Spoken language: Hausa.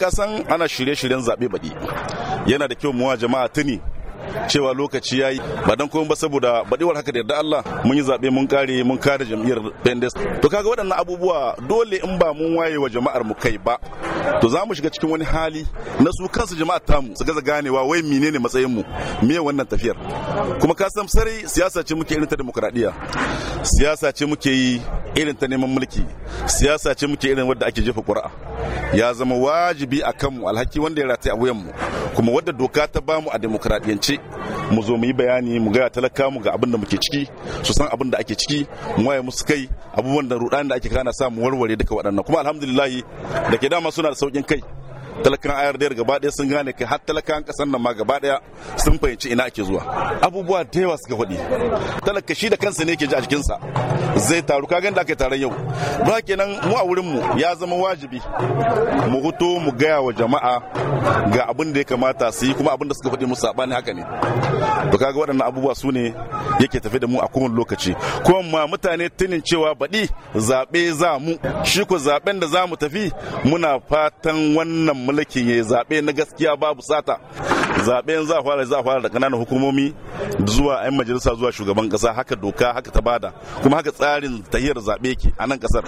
ka san ana shirye-shiryen zaɓe baɗi yana da kyau muwa jama'a tuni cewa lokaci ya yi ba dan kuma ba saboda baɗewar haka da yarda Allah mun yi zaɓe mun kare mun kare jam'iyyar bendis. to kaga waɗannan abubuwa dole in ba mun waye wa jama'ar mu kai ba to za mu shiga cikin wani hali na su kansu jama'ar tamu su gaza ganewa wai ne matsayin mu me wannan tafiyar kuma ka san sarai siyasa ce muke irin ta demokradiya siyasa ce muke yi irin ta neman mulki siyasa ce muke irin wadda ake jefa ƙura'a ya zama wajibi a kanmu alhaki wanda ya rata a wuyanmu kuma wadda doka ta bamu a demokradiyance mu zo mu yi bayani mu gaya talaka mu ga abin da muke ciki su san abin da ake ciki mu waye musu kai abubuwan da rudani da ake kana sa mu warware duka waɗannan kuma alhamdulillah da ke dama suna da sauƙin kai talakan ayardiyar gaba ɗaya sun gane kai har talakan ƙasar nan ma gaba ɗaya sun fahimci ina ake zuwa abubuwa da yawa suka faɗi talaka shi da kansa ne ke ji a jikinsa zai taru ka da aka taron yau ba kenan mu a wurin mu ya zama wajibi mu huto mu gaya wa jama'a ga abin da ya kamata su yi kuma abin da suka faɗi mu saɓani haka ne to kaga waɗannan abubuwa su ne yake tafi da mu a kowane lokaci kuma ma mutane tunin cewa baɗi zaɓe za mu shi ku zaɓen da za mu tafi muna fatan wannan mulkin ya zaɓe na gaskiya babu sata zabe za fara za fara da ƙananan hukumomi zuwa 'yan majalisa zuwa shugaban ƙasa haka doka haka ta bada kuma haka tsarin tahiyar zaɓe ke a nan ƙasar